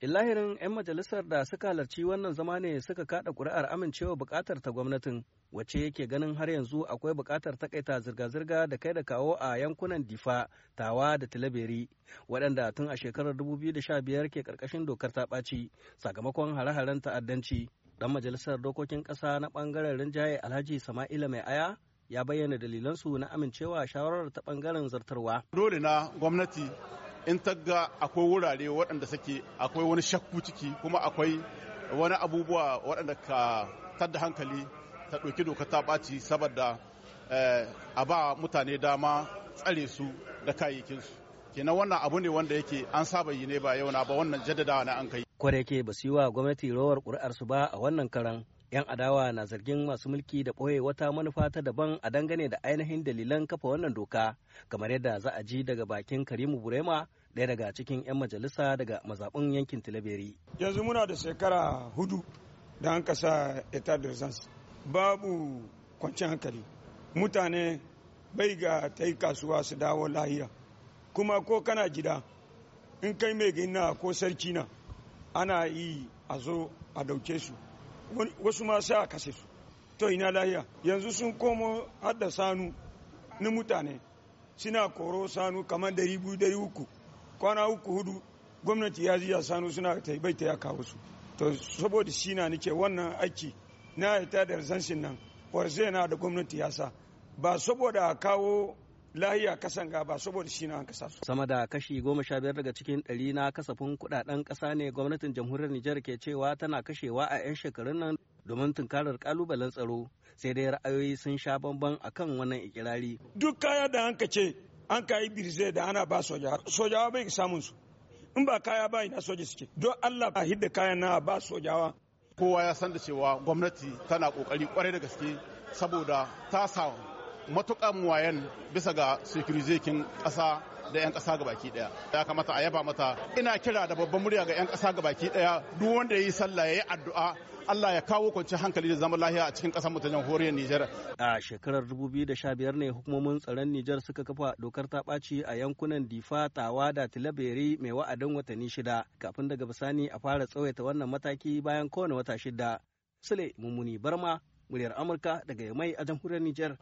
Illahirin 'yan majalisar da suka halarci wannan zama ne suka kada kuri'ar amincewa bukatar ta gwamnatin wacce yake ganin har yanzu akwai bukatar takaita zirga-zirga da kai da kawo a yankunan Difa, Tawa da Tilaberi waɗanda tun a shekarar 2015 ke karkashin dokar ta ɓaci sakamakon hare-haren ta'addanci. Dan majalisar dokokin ƙasa na ɓangaren rinjaye Alhaji Sama'ila Mai Aya ya bayyana dalilansu na amincewa shawarar ta ɓangaren zartarwa. Dole na gwamnati in tagga akwai wurare waɗanda suke akwai wani shakku ciki kuma akwai wani abubuwa waɗanda ka tadda hankali ta ɗauki doka ta ɓaci saboda eh, a ba mutane dama tsare su da kayayyakinsu kenan wannan abu ne wanda yake an saba yi ne ba yau na ba wannan jaddadawa na an kai kwarai ke ba yi wa gwamnati rawar ƙuri'arsu ba a wannan karan 'Yan adawa na zargin masu mulki da ɓoye wata manufa ta daban a dangane da ainihin dalilan kafa wannan doka, kamar yadda za a ji daga bakin Karimu Burema, ɗaya daga cikin 'yan majalisa daga mazaɓin yankin Tilaberi. Yanzu muna da shekara hudu da an kasa etat d'urgence. Babu kwanciyar hankali. Mutane bai ga ta yi kasuwa su dawo lahiya. Kuma ko kana gida, in kai mai gina ko sarki na, ana yi a zo a dauke su. wasu ma sai a kashe su to ina lahiya yanzu sun komo hada sanu na mutane suna koro sanu kamar dari biyu dari uku kwana uku hudu gwamnati ya ziya sanu suna taibaita ya kawo su to saboda shi na nake wannan aiki na ita da zanshin nan warzai na da gwamnati ya sa ba saboda a kawo lahiya kasan gaba saboda shi na an kasa su. Sama da kashi goma sha biyar daga cikin ɗari na kasafin kuɗaɗen kasa ne gwamnatin jamhuriyar Nijar ke cewa tana kashewa a 'yan shekarun nan domin tunkarar kalubalen tsaro sai dai ra'ayoyi sun sha bamban kan wannan ikirari. Duk kaya da an kace an kayi birze da ana ba sojawa sojawa bai samun su in ba kaya ba ina soja suke don Allah a hidda kayan na ba sojawa. Kowa ya san da cewa gwamnati tana kokari kwarai da gaske saboda ta sa matuƙa muwayen bisa ga sikirizekin ƙasa da 'yan ƙasa baki ɗaya ya kamata a yaba mata ina kira da babban murya ga 'yan ƙasa baki ɗaya duk wanda ya yi sallah ya yi addu'a Allah ya kawo kwanci hankali da zaman lafiya a cikin ƙasar mutanen horiyar Nijar. A shekarar 2015 ne hukumomin tsaron Nijar suka kafa dokar ta ɓaci a yankunan Difa, Tawa da Tilaberi mai wa'adin watanni shida kafin daga bisani a fara tsawaita wannan mataki bayan kowane wata shida. Sule Mummuni Barma, muryar Amurka daga Yamai a jamhuriyar Nijar.